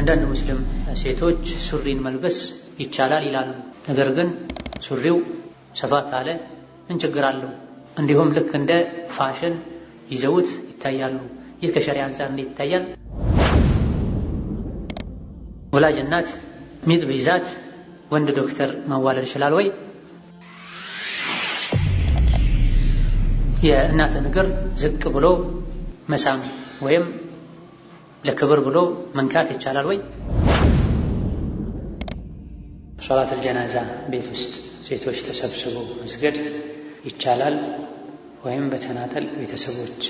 አንዳንድ ሙስሊም ሴቶች ሱሪን መልበስ ይቻላል ይላሉ። ነገር ግን ሱሪው ሰፋ ካለ ምን ችግር አለው? እንዲሁም ልክ እንደ ፋሽን ይዘውት ይታያሉ። ይህ ከሸሪያ አንጻር እንዴት ይታያል? ወላጅ እናት ሚጥ ቢይዛት ወንድ ዶክተር ማዋለድ ይችላል ወይ? የእናትን እግር ዝቅ ብሎ መሳም ወይም لكبر بلو من كات الشالوي صلاة الجنازة بيت وست زيت وش تسبسبو مسجد الشالال وهم بتناتل بيتسبوج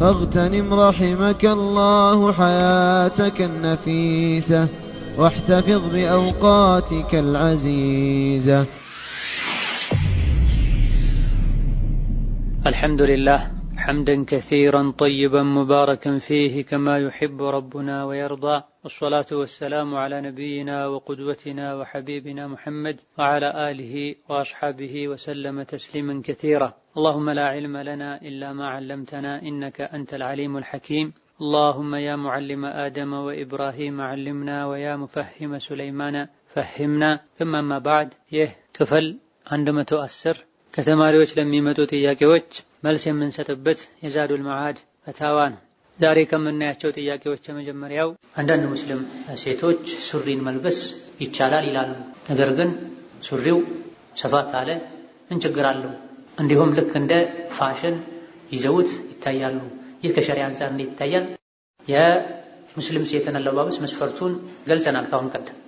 فاغتنم رحمك الله حياتك النفيسة واحتفظ بأوقاتك العزيزة الحمد لله حمدا كثيرا طيبا مباركا فيه كما يحب ربنا ويرضى والصلاة والسلام على نبينا وقدوتنا وحبيبنا محمد وعلى آله وأصحابه وسلم تسليما كثيرا اللهم لا علم لنا إلا ما علمتنا إنك أنت العليم الحكيم اللهم يا معلم آدم وإبراهيم علمنا ويا مفهم سليمان فهمنا ثم ما بعد يه كفل عندما تؤثر كثماريوش لم يمتو تياكيوش መልስ የምንሰጥበት የዛዱል መዓድ ፈታዋ ነው። ዛሬ ከምናያቸው ጥያቄዎች የመጀመሪያው አንዳንድ ሙስሊም ሴቶች ሱሪን መልበስ ይቻላል ይላሉ። ነገር ግን ሱሪው ሰፋ ካለ ምን ችግር አለው? እንዲሁም ልክ እንደ ፋሽን ይዘውት ይታያሉ። ይህ ከሸሪያ አንጻር እንዴት ይታያል? የሙስሊም ሴትን አለባበስ መስፈርቱን ገልጸናል ካሁን ቀደም።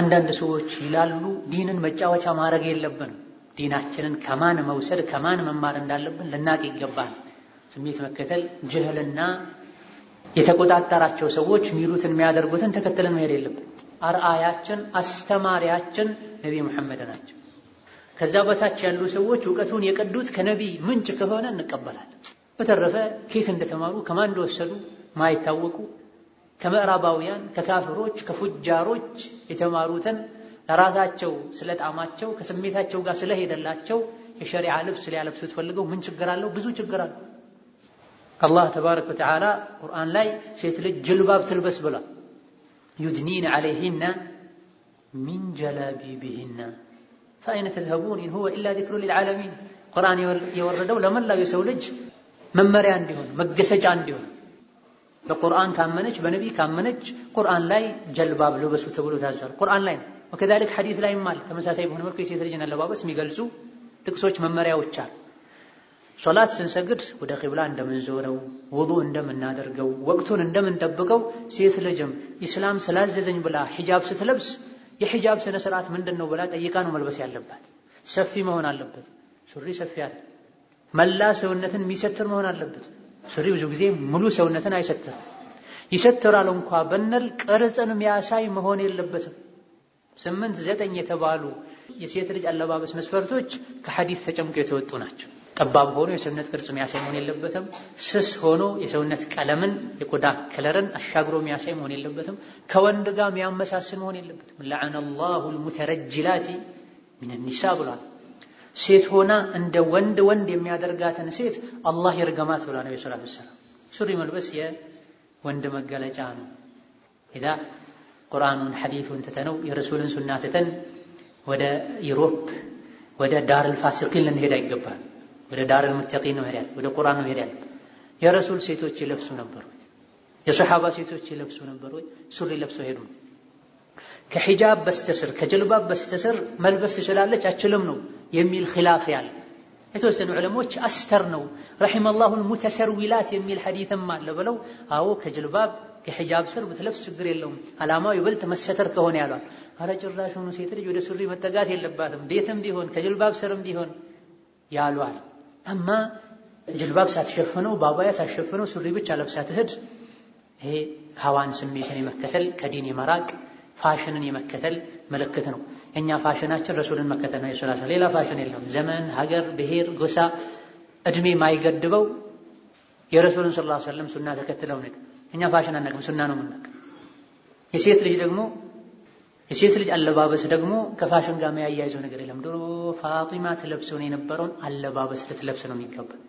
አንዳንድ ሰዎች ይላሉ ዲንን መጫወቻ ማድረግ የለብንም ዲናችንን ከማን መውሰድ ከማን መማር እንዳለብን ልናቅ ይገባል። ስሜት መከተል ጅህልና የተቆጣጠራቸው ሰዎች የሚሉትን የሚያደርጉትን ተከትለን መሄድ የለብን። አርአያችን አስተማሪያችን ነቢይ መሐመድ ናቸው። ከዛ በታች ያሉ ሰዎች እውቀቱን የቀዱት ከነቢ ምንጭ ከሆነ እንቀበላለን። በተረፈ ኬት እንደተማሩ ከማን እንደወሰዱ ማይታወቁ ከምዕራባውያን ከካፍሮች ከፉጃሮች የተማሩትን ለራሳቸው ስለጣማቸው ከስሜታቸው ጋር ስለሄደላቸው የሸሪዓ ልብስ ሊያለብሱት ፈልገው ምን ችግር አለው? ብዙ ችግር አለው። አላህ ተባረከ ወተዓላ ቁርአን ላይ ሴት ልጅ ጅልባብ ትልበስ ብላ ዩድኒን ዓለይሂነ ሚን ጀላቢቢሂነ ፈአይነ ተዝሀቡን ኢን ሁወ ኢላ ዚክሩ ሊልዓለሚን። ቁርአን የወረደው ለመላው የሰው ልጅ መመሪያ እንዲሆን መገሰጫ እንዲሆን በቁርአን ካመነች በነቢይ ካመነች ቁርአን ላይ ጀልባብ ልበሱ ተብሎ ታዟል። ቁርአን ላይ ነው። ወከዛልክ ሐዲስ ላይም አለ ተመሳሳይ በሆነ መልኩ የሴት ልጅን አለባበስ የሚገልጹ ጥቅሶች፣ መመሪያዎች አሉ። ሶላት ስንሰግድ ወደ ቂብላ እንደምንዞረው፣ ውዱእ እንደምናደርገው፣ ወቅቱን እንደምንጠብቀው ሴት ልጅም ኢስላም ስላዘዘኝ ብላ ሒጃብ ስትለብስ የሒጃብ ስነ ስርዓት ምንድን ነው ብላ ጠይቃ ነው መልበስ ያለባት። ሰፊ መሆን አለበት። ሱሪ ሰፊ አለ። መላ ሰውነትን የሚሰትር መሆን አለበት። ሱሪ ብዙ ጊዜ ሙሉ ሰውነትን አይሰትርም። ይሰትራል እንኳ በነል ቅርጽን የሚያሳይ መሆን የለበትም። ስምንት ዘጠኝ የተባሉ የሴት ልጅ አለባበስ መስፈርቶች ከሐዲስ ተጨምቀው የተወጡ ናቸው። ጠባብ ሆኖ የሰውነት ቅርጽ የሚያሳይ መሆን የለበትም። ስስ ሆኖ የሰውነት ቀለምን የቆዳ ከለርን አሻግሮ የሚያሳይ መሆን የለበትም። ከወንድ ጋር የሚያመሳስል መሆን የለበትም። ለዐነ ላሁ ልሙተረጅላቲ ሚን ኒሳ ብሏል። ሴት ሆና እንደ ወንድ ወንድ የሚያደርጋትን ሴት አላህ ይርገማት ብሏል ነቢ ሰላት ሰላም። ሱሪ መልበስ የወንድ መገለጫ ነው። ቁርአኑን ሐዲሱን ትተነው የረሱልን ሱና ትተን ወደ ዩሮፕ ወደ ዳርል ፋሲቂን ልንሄድ አይገባል። ወደ ዳርል ሙተቂን ነው ሄዳል። ወደ ቁርአን ነው ሄዳል። የረሱል ሴቶች ይለብሱ ነበር ወይ? የሶሐባ ሴቶች ይለብሱ ነበር ወይ? ሱሪ ለብሶ ሄዱ። ከሂጃብ በስተስር ከጀልባብ በስተስር መልበስ ትችላለች አችልም ነው የሚል ኺላፍ ያለ የተወሰኑ ዕለሞች አስተር ነው ረሒመ ላሁን ሙተሰርዊላት የሚል ሐዲትም አለ ብለው አዎ ከጅልባብ የሂጃብ ስር ብትለብስ ችግር የለውም። አላማው ይበልጥ መሰተር ከሆነ ያሏል። አረ ጭራሽ ሆኖ ሴት ልጅ ወደ ሱሪ መጠጋት የለባትም ቤትም ቢሆን ከጅልባብ ስርም ቢሆን ያሏል። እማ ጅልባብ ሳትሸፍነው ባባያ ሳትሸፍነው ሱሪ ብቻ ለብሳ ትሂድ። ይሄ ሀዋን ስሜትን የመከተል ከዲን የመራቅ ፋሽንን የመከተል ምልክት ነው። እኛ ፋሽናችን ረሱልን መከተል ነው። የሱላ ሌላ ፋሽን የለም። ዘመን፣ ሀገር፣ ብሔር፣ ጎሳ፣ እድሜ ማይገድበው የረሱልን ስላ ሰለም ሱና ተከትለው እኛ ፋሽን አናቅም፣ ሱና ነው የምናቅ። የሴት ልጅ ደግሞ የሴት ልጅ አለባበስ ደግሞ ከፋሽን ጋር የሚያያይዘው ነገር የለም። ድሮ ፋጢማ ትለብሰውን የነበረውን አለባበስ ልትለብስ ነው የሚገባል።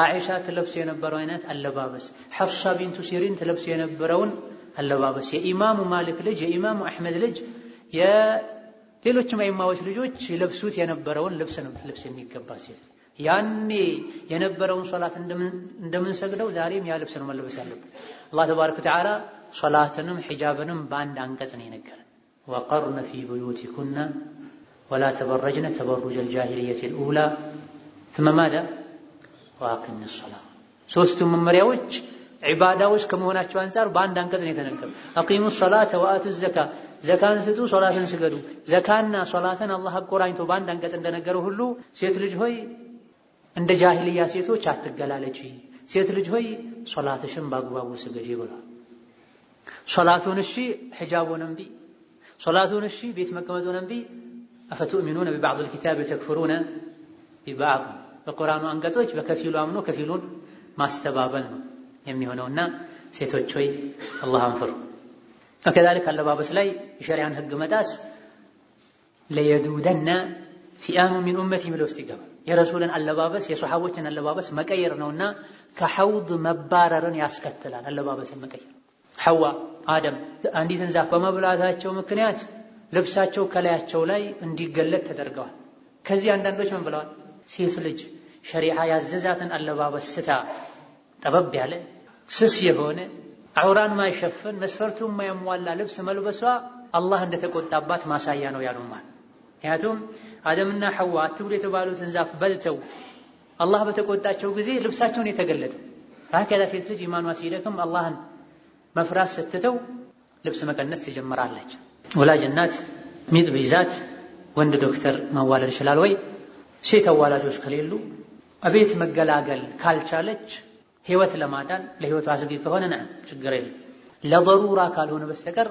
አኢሻ ትለብስ የነበረው አይነት አለባበስ፣ ሐፍሳ ቢንቱ ሲሪን ትለብስ የነበረውን አለባበስ፣ የኢማሙ ማሊክ ልጅ፣ የኢማሙ አሕመድ ልጅ፣ የሌሎችም አይማዎች ልጆች ይለብሱት የነበረውን ልብስ ነው ልትለብስ የሚገባ ሴት። ያኔ የነበረውን ሶላት እንደምንሰግደው ዛሬም ያ ልብስ ነው መለበስ ያለበት። አላህ ተባረከ ወተዓላ ሶላትንም ሒጃብንም በአንድ አንቀጽ ነው የነገረን። ወቀርነ ፊ ቡዩቲኩና ወላ ተበረጅነ ተበሩጀል ጃሂልየቲል ኡላ ثم ماذا واقم الصلاه መመሪያዎች ዒባዳዎች ከመሆናቸው አንፃር በአንድ አንቀጽ ነው የተነገሩ። አቂሙ ሶላተ ወአቱ ዘካ ዘካን ስጡ፣ ሶላትን ስገዱ። ዘካና ሶላትን አላህ አቆራኝቶ በአንድ አንቀጽ እንደነገረው ሁሉ ሴት ልጅ ሆይ እንደ ጃሂልያ ሴቶች አትገላለጪ ሴት ልጅ ሆይ ሶላትሽን ባግባቡ ስገድ ብሏል። ሶላቱን እሺ ሒጃቡን እምቢ፣ ሶላቱን እሺ ቤት መቀመጡን እምቢ። አፈቱእሚኑነ ቢባዕድ ልኪታብ ወተክፍሩነ ቢባዕድ በቁርአኑ አንቀጾች በከፊሉ አምኖ ከፊሉን ማስተባበል ነው የሚሆነውና ሴቶች ሆይ አላህን ፍሩ። ወከዛሊክ አለባበስ ላይ የሸሪዓን ህግ መጣስ ለየዱደና ፊአሙ ሚን ኡመቲ ብለው ውስጥ ይገባል። የረሱልን አለባበስ የሰሓቦችን አለባበስ መቀየር ነውና ከሐውድ መባረርን ያስከትላል። አለባበስን መቀየር ሐዋ አደም አንዲትን ዛፍ በመብላታቸው ምክንያት ልብሳቸው ከላያቸው ላይ እንዲገለጥ ተደርገዋል። ከዚህ አንዳንዶች ምን ብለዋል? ሴት ልጅ ሸሪዓ ያዘዛትን አለባበስ ስታ ጠበብ ያለ ስስ የሆነ አውራን ማይሸፍን መስፈርቱን ማያሟላ ልብስ መልበሷ አላህ እንደተቆጣባት ማሳያ ነው ያሉማል። ምክንያቱም አደምና ሐዋ አትብሉ የተባሉትን ዛፍ በልተው አላህ በተቆጣቸው ጊዜ ልብሳቸውን የተገለጠ ከዛ ሴት ልጅ ኢማኗ ሲደክም አላህን መፍራት ስትተው ልብስ መቀነስ ትጀምራለች። ወላጅ እናት ሚጥ ቢይዛት ወንድ ዶክተር ማዋለድ ይችላል ወይ? ሴት አዋላጆች ከሌሉ እቤት መገላገል ካልቻለች ህይወት ለማዳን ለህይወቱ አስጊ ከሆነ ና ችግር የለም። ለበሩራ ካልሆነ በስተቀር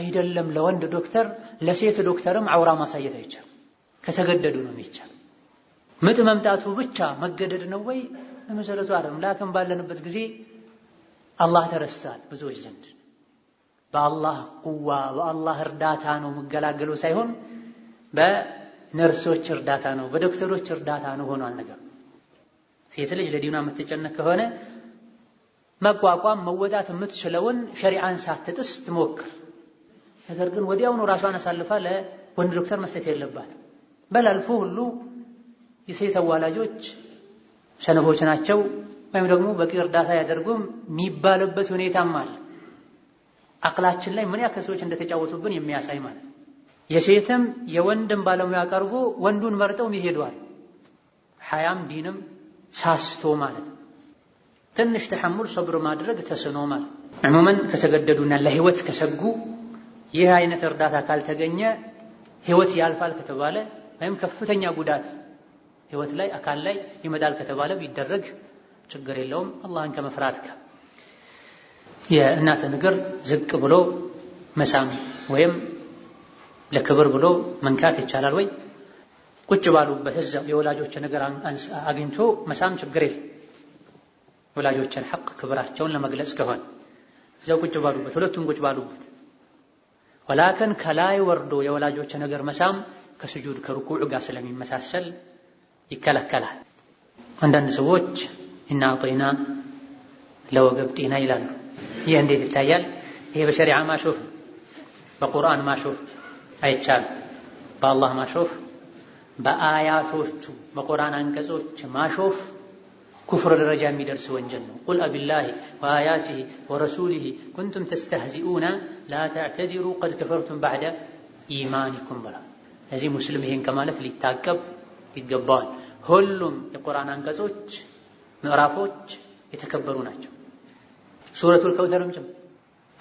አይደለም ለወንድ ዶክተር ለሴት ዶክተርም አውራ ማሳየት አይቻልም። ከተገደዱ ነው የሚቻል ምጥ መምጣቱ ብቻ መገደድ ነው ወይ? በመሰረቱ አይደለም። ላክም ባለንበት ጊዜ አላህ ተረሳል ብዙዎች ዘንድ። በአላህ ቁዋ በአላህ እርዳታ ነው የምገላገለው ሳይሆን በነርሶች እርዳታ ነው በዶክተሮች እርዳታ ነው ሆኗል ነገር። ሴት ልጅ ለዲኗ የምትጨነቅ ከሆነ መቋቋም መወጣት የምትችለውን ሸሪዓን ሳትጥስ ትሞክር። ነገር ግን ወዲያውኑ ራሷን አሳልፋ ለወንድ ዶክተር መስጠት የለባት በላልፎ ሁሉ የሴት አዋላጆች ሰነፎች ናቸው ወይም ደግሞ በቂ እርዳታ ያደርጉም የሚባልበት ሁኔታም አለ። አቅላችን ላይ ምን ያክል ሰዎች እንደተጫወቱብን የሚያሳይ ማለት የሴትም የወንድም ባለሙያ ቀርቦ ወንዱን መርጠውም ይሄዷል። ሐያም ዲንም ሳስቶ ማለት ትንሽ ተሐሙል ሰብር ማድረግ ተስኖ ማለት ዕሙመን ከተገደዱና ለህይወት ከሰጉ ይህ አይነት እርዳታ ካልተገኘ ህይወት ያልፋል ከተባለ ወይም ከፍተኛ ጉዳት ህይወት ላይ አካል ላይ ይመጣል ከተባለ ቢደረግ ችግር የለውም። አላህን ከመፍራት ጋር የእናትን እግር ዝቅ ብሎ መሳም ወይም ለክብር ብሎ መንካት ይቻላል ወይ? ቁጭ ባሉበት እዛው የወላጆችን እግር አግኝቶ መሳም ችግር የለም። ወላጆችን ሐቅ ክብራቸውን ለመግለጽ ከሆነ እዛው ቁጭ ባሉበት ሁለቱም ቁጭ ባሉበት ወላከን ከላይ ወርዶ የወላጆችን እግር መሳም ከስጁድ ከርኩዕ ጋር ስለሚመሳሰል ይከለከላል። አንዳንድ ሰዎች እና አጦይና ለወገብ ጤና ይላሉ። ይህ እንዴት ይታያል? ይሄ በሸሪዓ ማሾፍ፣ በቁርአን ማሾፍ አይቻልም። በአላህ ማሾፍ፣ በአያቶቹ በቁርአን አንቀጾች ማሾፍ ኩፍር ደረጃ የሚደርስ ወንጀል ነው። ቁል አቢላሂ ወአያቲሂ ወረሱሊሂ ኩንቱም ተስተህዚኡና ላ ተዕተዲሩ ቀድ ከፈርቱም ባዕደ ኢማኒኩም ብላ። እዚህ ሙስሊም ይሄን ከማለት ሊታቀብ ይገባዋል። ሁሉም የቁርአን አንቀጾች ምዕራፎች የተከበሩ ናቸው። ሱረቱል ከውተርም ጭምር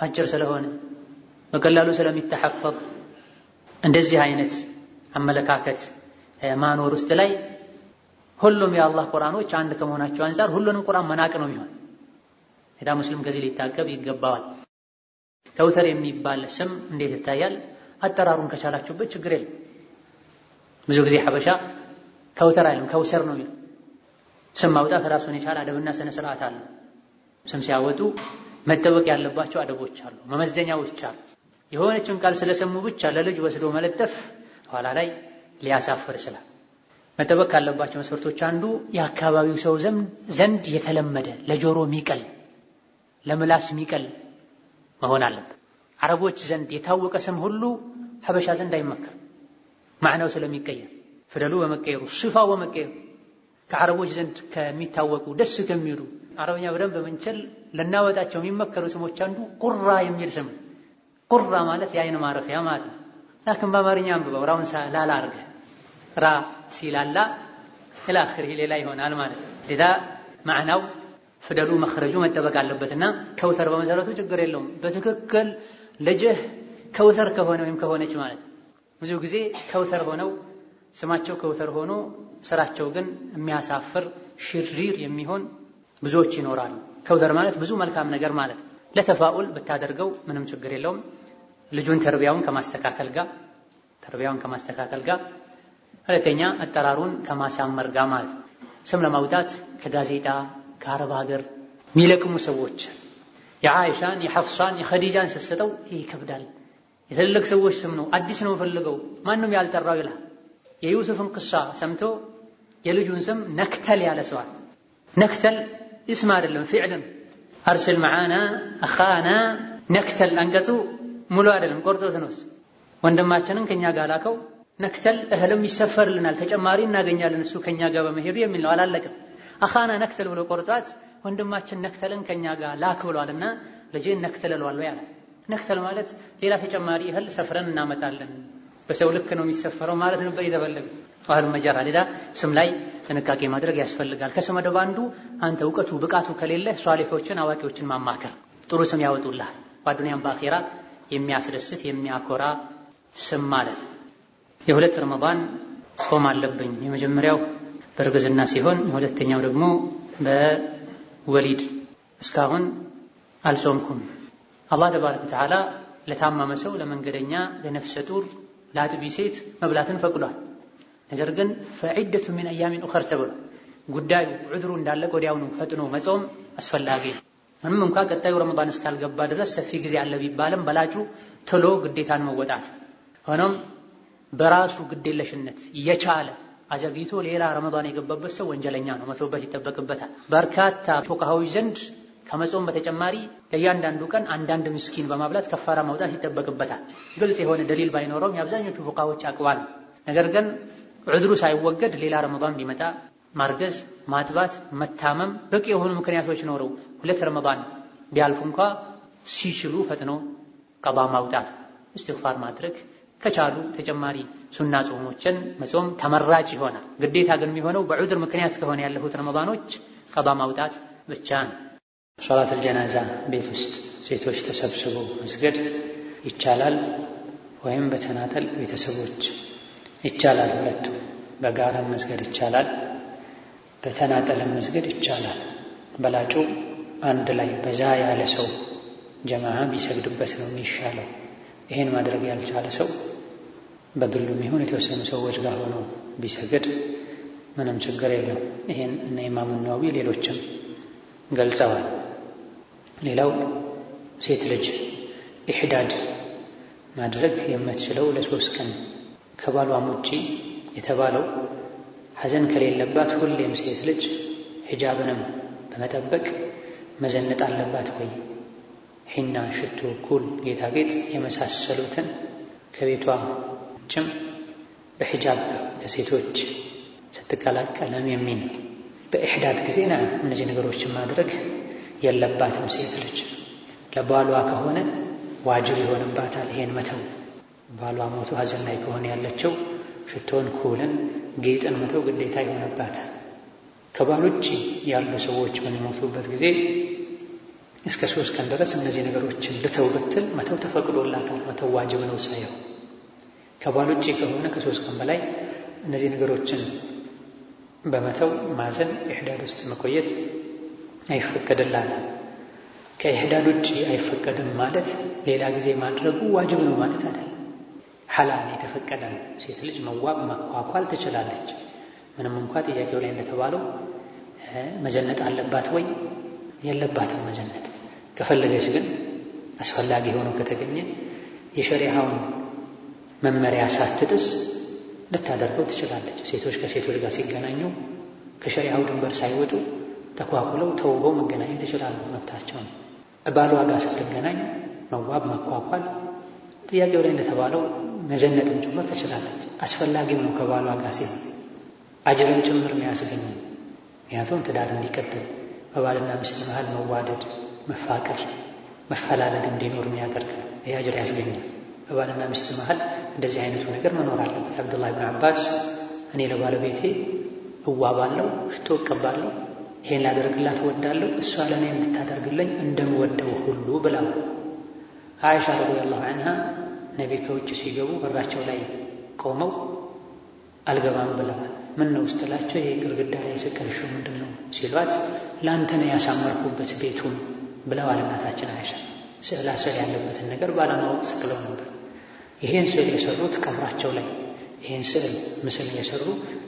አጭር ስለሆነ በቀላሉ ስለሚተሐፈብ እንደዚህ አይነት አመለካከት ማኖር ውስጥ ላይ ሁሉም የአላህ ቁርአኖች አንድ ከመሆናቸው አንፃር ሁሉንም ቁርአን መናቅ ነው የሚሆን። ሄዳ ሙስሊም ከዚህ ሊታቀብ ይገባዋል። ከውተር የሚባል ስም እንዴት ይታያል? አጠራሩን ከቻላችሁበት ችግር የለም። ብዙ ጊዜ ሐበሻ ከውተር አይልም ከውሰር ነው የሚለው። ስም ማውጣት ራሱን የቻለ አደብና ስነ ስርዓት አለ። ስም ሲያወጡ መጠበቅ ያለባቸው አደቦች አሉ፣ መመዘኛዎች አሉ። የሆነችን ቃል ስለሰሙ ብቻ ለልጅ ወስዶ መለጠፍ ኋላ ላይ ሊያሳፍር ይችላል። መጠበቅ ካለባቸው መስፈርቶች አንዱ የአካባቢው ሰው ዘንድ የተለመደ ለጆሮ ሚቀል ለምላስ ሚቀል መሆን አለበት። አረቦች ዘንድ የታወቀ ስም ሁሉ ሀበሻ ዘንድ አይመከርም፣ ማዕናው ስለሚቀየር ፊደሉ በመቀየሩ ሽፋው በመቀየሩ ከአረቦች ዘንድ ከሚታወቁ ደስ ከሚሉ አረብኛ በደንብ በመንቸል ልናወጣቸው የሚመከሩ ስሞች አንዱ ቁራ የሚል ስም ቁራ ማለት የአይን ማረፊያ ማለት ነው። ላክን በአማርኛ አንብበው ራውን ላላ አርገ ራ ሲላላ ኢላአኺሪ ሌላ ይሆናል ማለት ነው። ሌላ ማዕናው ፊደሉ መክረጁ መጠበቅ አለበትና ከውተር በመሰረቱ ችግር የለውም። በትክክል ልጅህ ከውተር ከሆነ ወይም ከሆነች ማለት ብዙ ጊዜ ከውተር ሆነው ስማቸው ከውተር ሆኖ ስራቸው ግን የሚያሳፍር ሽሪር የሚሆን ብዙዎች ይኖራሉ። ከውተር ማለት ብዙ መልካም ነገር ማለት ለተፋኡል ብታደርገው ምንም ችግር የለውም። ልጁን ተርቢያውን ከማስተካከል ጋር ተርቢያውን ከማስተካከል ጋር ሁለተኛ አጠራሩን ከማሳመር ጋር ማለት ስም ለማውጣት ከጋዜጣ ከአረብ ሀገር የሚለቅሙ ሰዎች የአይሻን የሐፍሷን የኸዲጃን ስሰጠው ይከብዳል። የትልልቅ ሰዎች ስም ነው። አዲስ ነው ፈልገው ማንም ያልጠራው ይላል። የዩሱፍን ቅሳ ሰምቶ የልጁን ስም ነክተል ያለ ሰዋል። ነክተል እስም አይደለም ፊዕልም። አርሲል መዓና አኻና ነክተል አንቀጹ ሙሉ አይደለም ቆርጦት ነው። ወንድማችንን ከኛ ጋር ላከው ነክተል እህልም ይሰፈርልናል ተጨማሪ እናገኛለን እሱ ከኛ ጋር በመሄዱ የሚል ነው። አላለቅም አኻና ነክተል ብሎ ቆርጧት ወንድማችን ነክተልን ከኛ ጋር ላክ ብሏልና ልጄን ነክተል እለዋለሁ ያለ ነክተል ማለት ሌላ ተጨማሪ እህል ሰፍረን እናመጣለን በሰው ልክ ነው የሚሰፈረው ማለት ነበር የተፈለገ። ባህል መጀራ ሌላ ስም ላይ ጥንቃቄ ማድረግ ያስፈልጋል። ከስም መደብ አንዱ አንተ እውቀቱ ብቃቱ ከሌለ ሷሊሖችን አዋቂዎችን ማማከር ጥሩ ስም ያወጡልሃል። በአዱንያም በአኼራ የሚያስደስት የሚያኮራ ስም ማለት የሁለት ረመዳን ጾም አለብኝ። የመጀመሪያው በእርግዝና ሲሆን የሁለተኛው ደግሞ በወሊድ እስካሁን አልጾምኩም። አላህ ተባረከ ወተዓላ ለታመመ ሰው፣ ለመንገደኛ፣ ለነፍሰ ጡር ለአጥቢ ሴት መብላትን ፈቅዷል። ነገር ግን ፈዒደቱ ሚን አያሚን ኡኸር ተብሏል። ጉዳዩ ዑድሩ እንዳለቅ ወዲያውኑ ፈጥኖ መጾም አስፈላጊ ነው። ምንም እንኳ ቀጣዩ ረመዳን እስካልገባ ድረስ ሰፊ ጊዜ አለ ቢባልም በላጩ ቶሎ ግዴታን መወጣት። ሆኖም በራሱ ግዴለሽነት የቻለ አዘግይቶ ሌላ ረመዳን የገባበት ሰው ወንጀለኛ ነው፣ መቶበት ይጠበቅበታል። በርካታ ፉቃሃዎች ዘንድ ከመጾም በተጨማሪ ለእያንዳንዱ ቀን አንዳንድ ምስኪን በማብላት ከፋራ ማውጣት ይጠበቅበታል። ግልጽ የሆነ ደሊል ባይኖረውም የአብዛኞቹ ፉቃዎች አቅባል ነገር ግን ዑድሩ ሳይወገድ ሌላ ረመዳን ቢመጣ ማርገዝ፣ ማጥባት፣ መታመም በቂ የሆኑ ምክንያቶች ኖረው ሁለት ረመዳን ቢያልፉ እንኳ ሲችሉ ፈጥኖ ቀባ ማውጣት፣ እስትግፋር ማድረግ ከቻሉ ተጨማሪ ሱና ጾሞችን መጾም ተመራጭ ይሆናል። ግዴታ ግን የሚሆነው በዑድር ምክንያት ከሆነ ያለፉት ረመዳኖች ቀባ ማውጣት ብቻ ነው። ሶላተል ጀናዛ ቤት ውስጥ ሴቶች ተሰብስቦ መስገድ ይቻላል ወይም በተናጠል ቤተሰቦች ይቻላል። ሁለቱም በጋራም መስገድ ይቻላል፣ በተናጠል መስገድ ይቻላል። በላጩ አንድ ላይ በዛ ያለ ሰው ጀማዓ ቢሰግድበት ነው የሚሻለው። ይሄን ማድረግ ያልቻለ ሰው በግሉ ይሁን የተወሰኑ ሰዎች ጋር ሆኖ ቢሰግድ ምንም ችግር የለው ይሄን እነ ኢማሙ ነዋዊ ሌሎችም ገልጸዋል። ሌላው ሴት ልጅ ኢሕዳድ ማድረግ የምትችለው ለሶስት ቀን ከባሏም ውጪ የተባለው ሐዘን ከሌለባት ሁሌም ሴት ልጅ ሂጃብንም በመጠበቅ መዘነጥ አለባት። ወይ ሒና፣ ሽቱ፣ ኩል፣ ጌጣጌጥ የመሳሰሉትን ከቤቷ ውጭም በሒጃብ ለሴቶች ስትቀላቀለም የሚን በኢሕዳድ ጊዜ ና እነዚህ ነገሮችን ማድረግ የለባትም ሴት ልጅ። ለባሏ ከሆነ ዋጅብ ይሆንባታል ይሄን መተው። ባሏ ሞቱ ሀዘን ላይ ከሆነ ያለችው ሽቶን፣ ኩልን፣ ጌጥን መተው ግዴታ ይሆንባታል። ከባል ውጭ ያሉ ሰዎች በሚሞቱበት ጊዜ እስከ ሶስት ቀን ድረስ እነዚህ ነገሮችን ልተው ብትል መተው ተፈቅዶላታል። መተው ዋጅብ ነው ሳየው። ከባል ውጭ ከሆነ ከሶስት ቀን በላይ እነዚህ ነገሮችን በመተው ማዘን ኢሕዳድ ውስጥ መቆየት አይፈቀድላትም። ከይህዳድ ውጭ አይፈቀድም ማለት ሌላ ጊዜ ማድረጉ ዋጅብ ነው ማለት አይደለም። ሐላል የተፈቀደ ነው። ሴት ልጅ መዋብ መኳኳል ትችላለች። ምንም እንኳ ጥያቄው ላይ እንደተባለው መጀነጥ አለባት ወይ? የለባትም መጀነጥ። ከፈለገች ግን አስፈላጊ ሆኖ ከተገኘ የሸሪሃውን መመሪያ ሳትጥስ ልታደርገው ትችላለች። ሴቶች ከሴቶች ጋር ሲገናኙ ከሸሪሃው ድንበር ሳይወጡ ተኳኩለው ተውበው መገናኘት ይችላሉ። መብታቸው ነው። ባሏ ጋር ስትገናኝ መዋብ፣ መኳኳል፣ ጥያቄው ላይ እንደተባለው መዘነጥም ጭምር ትችላለች። አስፈላጊም ነው ከባሏ ጋር ሲሆን አጅርም ጭምር ነው ያስገኘው። ምክንያቱም ትዳር እንዲቀጥል በባልና ሚስት መሃል መዋደድ፣ መፋቀር፣ መፈላለግ እንዲኖር የሚያደርግ ነው። ይህ አጅር ያስገኛል። በባልና ሚስት መሃል እንደዚህ አይነቱ ነገር መኖር አለበት። አብዱላህ ብን አባስ እኔ ለባለቤቴ እዋባለሁ፣ ሽቶ እቀባለሁ ይሄን ላደርግላት እወዳለሁ እሷ ለእኔ እንድታደርግልኝ እንደምወደው ሁሉ ብላው። አይሻ ረዲየላሁ አንሃ ነቢ ከውጭ ሲገቡ በራቸው ላይ ቆመው አልገባም ብለዋል። ምን ነው ስትላቸው ይሄ ግርግዳ ላይ ስቀልሽ ምንድን ነው ሲሏት፣ ለአንተ ነው ያሳመርኩበት ቤቱን ብለዋል እናታችን አይሻ። ስዕላ ስዕል ያለበትን ነገር ባለማወቅ ስቅለው ነበር። ይሄን ስዕል የሰሩት ቀብራቸው ላይ ይህን ስዕል ምስል እየሰሩ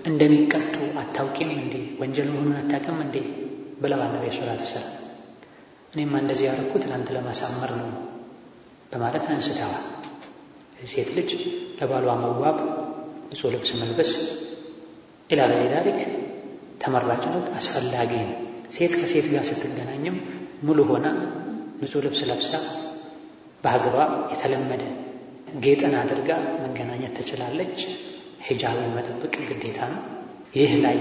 እንደሚቀጡ አታውቂም እንዴ? ወንጀል መሆኑን አታውቅም እንዴ? ብለዋል ነቢ ሰላት ሰላም። እኔማ እንደዚህ ያደረኩት ትናንት ለማሳመር ነው በማለት አንስተዋል። ሴት ልጅ ለባሏ መዋብ፣ ንጹሕ ልብስ መልበስ ኢላላ ዳሪክ ተመራጭነት አስፈላጊ ነው። ሴት ከሴት ጋር ስትገናኝም ሙሉ ሆና ንጹሕ ልብስ ለብሳ በሀገሯ የተለመደ ጌጥን አድርጋ መገናኘት ትችላለች። ሂጃብን መጠበቅ ግዴታ ነው። ይህ ላይ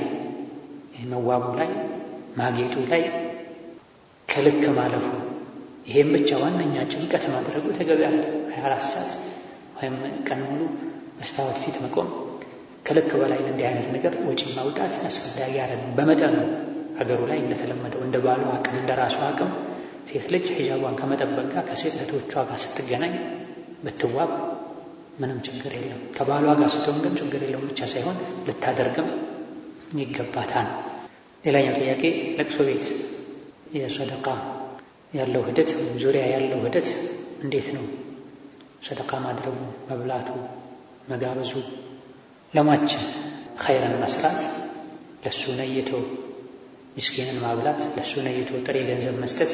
መዋቡ ላይ ማጌጡ ላይ ከልክ ማለፉ ይሄም ብቻ ዋነኛ ጭንቀት ማድረጉ ተገቢ አለ። ሀያ ሰዓት ወይም ቀን ሙሉ መስታወት ፊት መቆም ከልክ በላይ እንዲህ አይነት ነገር ወጪ ማውጣት አስፈላጊ አይደለም። በመጠኑ ሀገሩ ላይ እንደተለመደው እንደ ባሉ አቅም እንደ ራሱ አቅም ሴት ልጅ ሂጃቧን ከመጠበቅ ጋር ከሴት እህቶቿ ጋር ስትገናኝ ብትዋብ ምንም ችግር የለም። ከባሏ ጋር ስትሆን ግን ችግር የለውም ብቻ ሳይሆን ልታደርግም ይገባታል። ሌላኛው ጥያቄ ለቅሶ ቤት የሰደቃ ያለው ሂደት ወይም ዙሪያ ያለው ሂደት እንዴት ነው? ሰደቃ ማድረጉ፣ መብላቱ፣ መጋበዙ ለማችን ኸይረን መስራት ለሱ ነይቶ ምስኪንን ማብላት ለሱ ነይቶ ጥሬ ገንዘብ መስጠት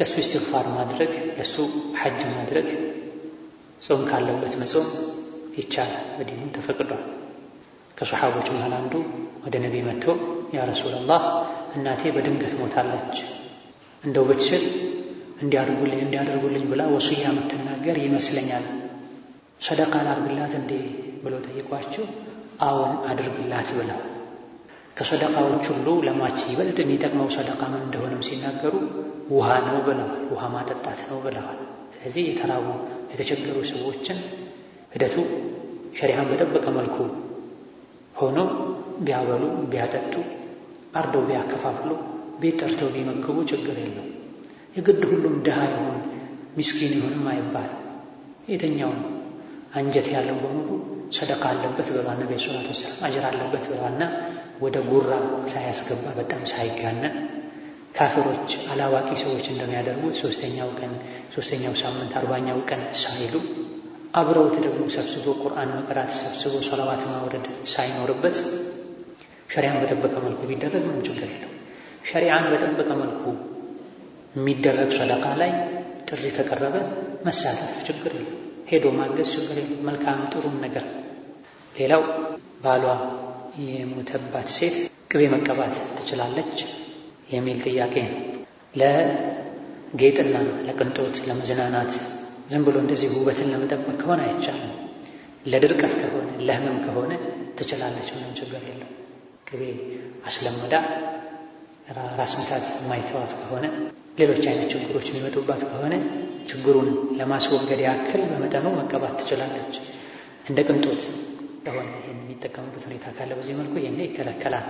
ለሱ ኢስትግፋር ማድረግ ለሱ ሐጅ ማድረግ ጾም ካለበት መጾም ይቻላል፣ እንዲሁም ተፈቅዷል። ከሰሓቦች መሃል አንዱ ወደ ነቢ መጥቶ ያ ረሱላላህ እናቴ በድንገት ሞታለች፣ እንደው ብትችል እንዲያደርጉልኝ እንዲያደርጉልኝ ብላ ወሱያ የምትናገር ይመስለኛል ሰደቃ ላድርግላት እንዴ ብሎ ጠይቋቸው፣ አዎን አድርግላት ብለው ከሰደቃዎች ሁሉ ለማች ይበልጥ የሚጠቅመው ሰደቃ ምን እንደሆነም ሲናገሩ ውሃ ነው ብለዋል። ውሃ ማጠጣት ነው ብለዋል። ስለዚህ የተራቡ የተቸገሩ ሰዎችን ሂደቱ ሸሪሃን በጠበቀ መልኩ ሆኖ ቢያበሉ፣ ቢያጠጡ፣ አርደው ቢያከፋፍሉ፣ ቤት ጠርተው ቢመግቡ ችግር የለው። የግድ ሁሉም ድሃ ይሁን ሚስኪን ይሁንም አይባል። የትኛውም አንጀት ያለው በሙሉ ሰደቃ አለበት በባና በሰላት ወሰላም አጅር አለበት በባና ወደ ጉራ ሳያስገባ በጣም ሳይጋነን ካፍሮች አላዋቂ ሰዎች እንደሚያደርጉት ሶስተኛው ቀን ሶስተኛው ሳምንት አርባኛው ቀን ሳይሉ አብረውት ደግሞ ሰብስቦ ቁርአን መቅራት ሰብስቦ ሰላዋት ማውረድ ሳይኖርበት ሸሪዓን በጠበቀ መልኩ ቢደረግ ምን ችግር የለው። ሸሪዓን በጠበቀ መልኩ የሚደረግ ሰደቃ ላይ ጥሪ ከቀረበ መሳተፍ ችግር የለው፣ ሄዶ ማገዝ ችግር የለው። መልካም ጥሩም ነገር። ሌላው ባሏ የሞተባት ሴት ቅቤ መቀባት ትችላለች የሚል ጥያቄ ነው። ጌጥና ለቅንጦት ለመዝናናት ዝም ብሎ እንደዚህ ውበትን ለመጠበቅ ከሆነ አይቻልም። ለድርቀት ከሆነ ለህመም ከሆነ ትችላለች፣ ምንም ችግር የለም። ቅቤ አስለመዳ ራስ ምታት የማይተዋት ከሆነ ሌሎች አይነት ችግሮች የሚመጡባት ከሆነ ችግሩን ለማስወገድ ያክል በመጠኑ መቀባት ትችላለች። እንደ ቅንጦት ከሆነ ይህን የሚጠቀሙበት ሁኔታ ካለ በዚህ መልኩ ይህን ይከለከላል።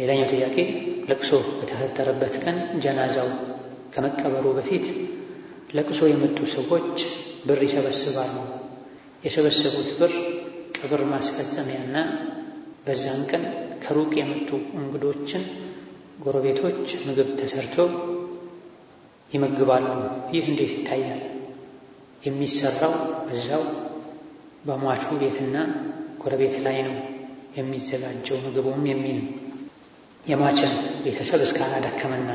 ሌላኛው ጥያቄ ለቅሶ በተፈጠረበት ቀን ጀናዛው ከመቀበሩ በፊት ለቅሶ የመጡ ሰዎች ብር ይሰበስባሉ። የሰበሰቡት ብር ቅብር ማስፈጸሚያና በዛን ቀን ከሩቅ የመጡ እንግዶችን ጎረቤቶች ምግብ ተሰርቶ ይመግባሉ። ይህ እንዴት ይታያል? የሚሰራው እዛው በሟቹ ቤትና ጎረቤት ላይ ነው የሚዘጋጀው ምግቡም የሚል የማቸን ቤተሰብ እስካላደከመና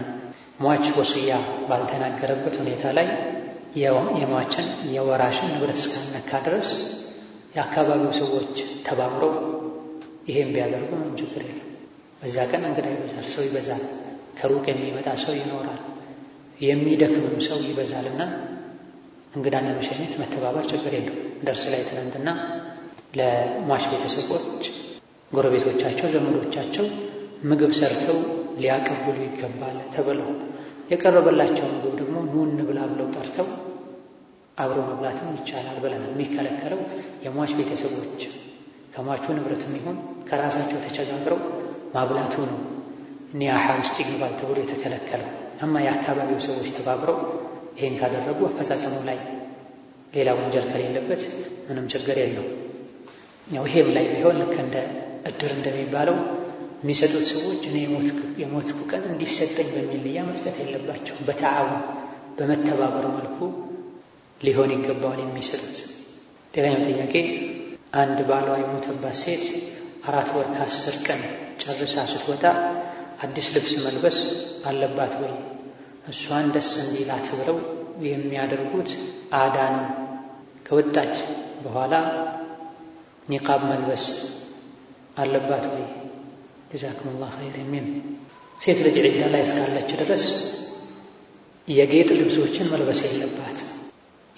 ሟች ወስያ ባልተናገረበት ሁኔታ ላይ የሟችን የወራሽን ንብረት እስካነካ ድረስ የአካባቢው ሰዎች ተባብረው ይሄም ቢያደርጉ ምን ችግር የለም። በዛ ቀን እንግዳ ይበዛል፣ ሰው ይበዛል፣ ከሩቅ የሚመጣ ሰው ይኖራል፣ የሚደክምም ሰው ይበዛልና እንግዳን ለመሸኘት መተባበር ችግር የለም። ደርስ ላይ ትናንትና ለሟች ቤተሰቦች ጎረቤቶቻቸው፣ ዘመዶቻቸው ምግብ ሰርተው ሊያቀብሉ ይገባል ተብለው የቀረበላቸው ምግብ ደግሞ ኑ እንብላ ብለው ጠርተው አብሮ መብላትም ይቻላል ብለናል። የሚከለከለው የሟች ቤተሰቦች ከሟቹ ንብረት የሚሆን ከራሳቸው ተቸጋግረው ማብላቱ ነው። ኒያሓ ውስጥ ይግባል ተብሎ የተከለከለው። እማ የአካባቢው ሰዎች ተባብረው ይህን ካደረጉ አፈጻጸሙ ላይ ሌላ ወንጀል ከሌለበት ምንም ችግር የለው። ያው ይሄም ላይ ቢሆን ልክ እንደ እድር እንደሚባለው የሚሰጡት ሰዎች እኔ የሞትኩ ቀን እንዲሰጠኝ በሚል ንያ መስጠት የለባቸውም። በተዓውን በመተባበር መልኩ ሊሆን ይገባዋል የሚሰጡት። ሌላኛው ጥያቄ አንድ ባሏ የሞተባት ሴት አራት ወር ከአስር ቀን ጨርሳ ስትወጣ አዲስ ልብስ መልበስ አለባት ወይ? እሷን ደስ እንዲላት ብለው የሚያደርጉት አዳ ነው። ከወጣች በኋላ ኒቃብ መልበስ አለባት ወይ? ጀዛኩም ላ ኸይር የሚል ሴት ልጅ ዒዳ ላይ እስካለች ድረስ የጌጥ ልብሶችን መልበስ የለባት።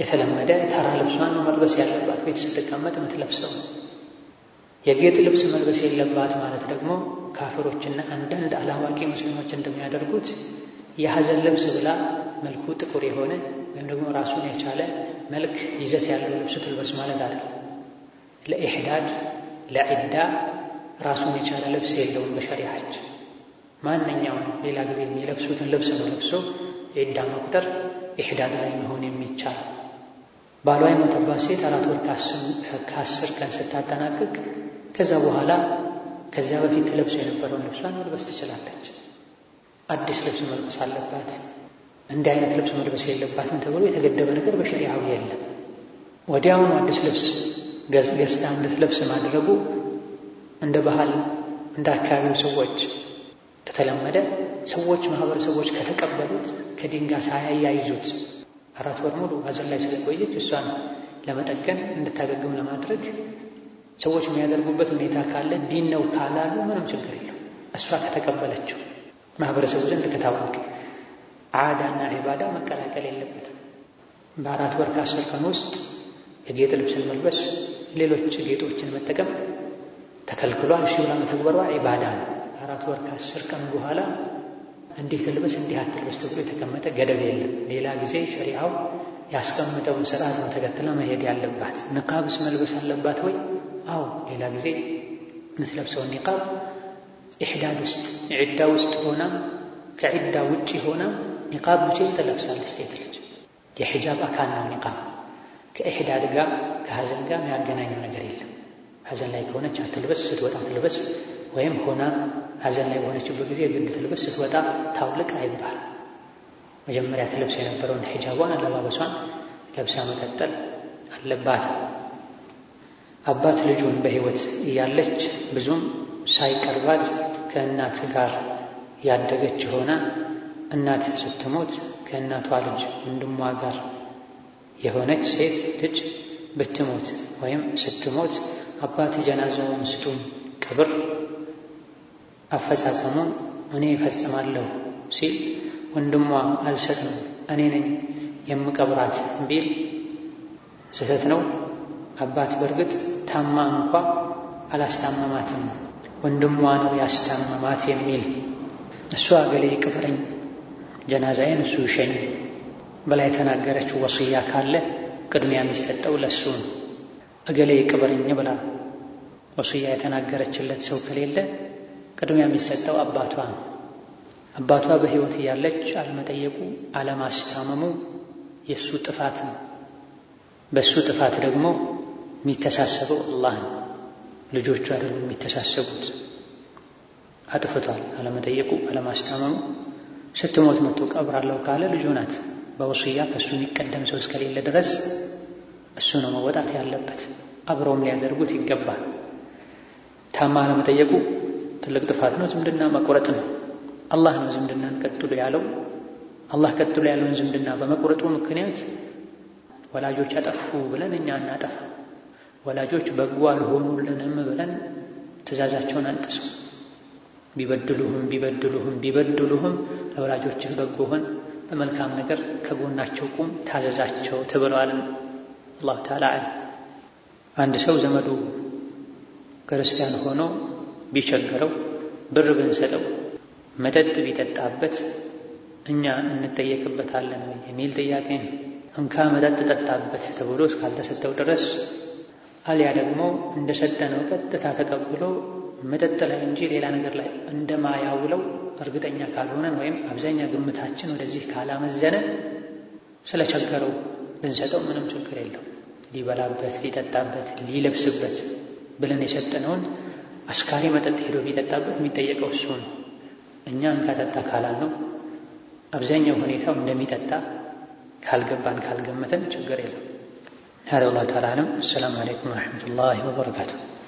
የተለመደ ተራ ልብሷን ነው መልበስ ያለባት። ቤት ስትቀመጥ የምትለብሰው የጌጥ ልብስ መልበስ የለባት ማለት ደግሞ ካፍሮችና አንዳንድ አላዋቂ ሙስሊሞች እንደሚያደርጉት የሀዘን ልብስ ብላ መልኩ ጥቁር የሆነ ወይም ደግሞ ራሱን የቻለ መልክ ይዘት ያለው ልብስ ትልበስ ማለት አለ ለኢሕዳድ ለዒዳ ራሱን የቻለ ልብስ የለውም። በሸሪዓችን ማንኛውም ሌላ ጊዜ የሚለብሱትን ልብስ ነው ለብሶ የኢዳማ ቁጥር ኢሕዳድ ላይ መሆን የሚቻል ባሏ የሞተባት ሴት አራት ወር ከአስር ቀን ስታጠናቅቅ ከዛ በኋላ ከዚያ በፊት ለብሶ የነበረውን ልብሷን መልበስ ትችላለች። አዲስ ልብስ መልበስ አለባት። እንዲህ አይነት ልብስ መልበስ የለባትም ተብሎ የተገደበ ነገር በሸሪዓው የለም። ወዲያውኑ አዲስ ልብስ ገዝታ እንድትለብስ ማድረጉ እንደ ባህል እንደ አካባቢው ሰዎች ከተለመደ ሰዎች ማህበረሰቦች ከተቀበሉት ከዲን ሳያያይዙት አራት ወር ሙሉ ሐዘን ላይ ስለቆየች እሷን ለመጠገን እንድታገግም ለማድረግ ሰዎች የሚያደርጉበት ሁኔታ ካለ ዲን ነው ካላሉ ምንም ችግር የለው እሷ ከተቀበለችው ማህበረሰቡ ዘንድ ከታወቀ አዳና ዒባዳ መቀላቀል የለበትም። በአራት ወር ከአስር ቀን ውስጥ የጌጥ ልብስን መልበስ፣ ሌሎች ጌጦችን መጠቀም ተከልክሏል። እሺ ብላ መተግበሯ ዒባዳ ነው። አራት ወር ከአስር ቀን በኋላ እንዲህ ትልበስ እንዲህ አትልበስ ተብሎ የተቀመጠ ገደብ የለም። ሌላ ጊዜ ሸሪዓው ያስቀመጠውን ስርዓት ነው ተከትላ መሄድ ያለባት። ንቃብስ መልበስ አለባት ወይ? አዎ፣ ሌላ ጊዜ ምትለብሰው ኒቃብ ኢሕዳድ ውስጥ ዒዳ ውስጥ ሆና ከዒዳ ውጭ ሆና ኒቃብ መቼም ትለብሳለች ሴት ልጅ። የሒጃብ አካል ነው ኒቃብ። ከኢሕዳድ ጋር ከሀዘን ጋር የሚያገናኘው ነገር የለም። ሐዘን ላይ ከሆነች አትልበስ፣ ስትወጣ ትልበስ። ወይም ሆና ሐዘን ላይ በሆነችበት ጊዜ ግድ ትልበስ፣ ስትወጣ ታውልቅ አይባል። መጀመሪያ ትለብስ የነበረውን ሒጃቧን አለባበሷን ለብሳ መቀጠል አለባት። አባት ልጁን በሕይወት እያለች ብዙም ሳይቀርባት ከእናት ጋር ያደገች ሆነ እናት ስትሞት ከእናቷ ልጅ ወንድሟ ጋር የሆነች ሴት ልጅ ብትሞት ወይም ስትሞት አባት ጀናዛውን ስጡኝ፣ ቅብር አፈጻጸሙን እኔ እፈጽማለሁ ሲል ወንድሟ አልሰጥም እኔ ነኝ የምቀብራት ቢል ስህተት ነው። አባት በእርግጥ ታማ እንኳ አላስታመማትም፣ ወንድሟ ነው ያስታመማት የሚል እሷ አገሌ ቅብረኝ፣ ጀናዛዬን እሱ ይሸኝ በላይ የተናገረችው ወስያ ካለ ቅድሚያ የሚሰጠው ለእሱ ነው። እገሌ ቅበረኝ ብላ ወስያ የተናገረችለት ሰው ከሌለ ቅድሚያ የሚሰጠው አባቷ ነው። አባቷ በሕይወት እያለች አለመጠየቁ፣ አለማስታመሙ የእሱ ጥፋት ነው። በእሱ ጥፋት ደግሞ የሚተሳሰበው አላህ ነው። ልጆቹ አይደሉም የሚተሳሰቡት። አጥፍቷል፣ አለመጠየቁ፣ አለማስታመሙ። ስትሞት መጥቶ ቀብራለሁ ካለ ልጁ ናት። በወስያ ከእሱ የሚቀደም ሰው እስከሌለ ድረስ እሱ ነው መወጣት ያለበት። አብረውም ሊያደርጉት ይገባል። ታማ ለመጠየቁ ትልቅ ጥፋት ነው። ዝምድና መቁረጥ ነው። አላህ ነው ዝምድናን ቀጥሎ ያለው። አላህ ቀጥሎ ያለውን ዝምድና በመቁረጡ ምክንያት ወላጆች አጠፉ ብለን እኛ እናጠፋ፣ ወላጆች በጎ አልሆኑልንም ብለን ትእዛዛቸውን አንጥሰው ቢበድሉህም ቢበድሉህም ቢበድሉህም ለወላጆችህ በጎ ሆን፣ በመልካም ነገር ከጎናቸው ቁም፣ ታዘዛቸው ትብለዋልን። አላሁ ተዓላ አንድ ሰው ዘመዱ ክርስቲያን ሆኖ ቢቸግረው ብር ብንሰጠው መጠጥ ቢጠጣበት እኛ እንጠየቅበታለን ወይ የሚል ጥያቄ ነው። እንካ መጠጥ ጠጣበት ተብሎ እስካልተሰጠው ድረስ አሊያ ደግሞ እንደሰጠነው ቀጥታ ተቀብሎ መጠጥ ላይ እንጂ ሌላ ነገር ላይ እንደማያውለው እርግጠኛ ካልሆነን ወይም አብዛኛ ግምታችን ወደዚህ ካላመዘነ ስለቸገረው ብንሰጠው ምንም ችግር የለው። ሊበላበት፣ ሊጠጣበት፣ ሊለብስበት ብለን የሰጠነውን አስካሪ መጠጥ ሄዶ ቢጠጣበት የሚጠየቀው እሱ ነው። እኛ ከጠጣ ካላል ነው አብዛኛው ሁኔታው እንደሚጠጣ ካልገባን ካልገመተን ችግር የለም። هذا والله تعالى أعلم السلام عليكم ورحمة الله وبركاته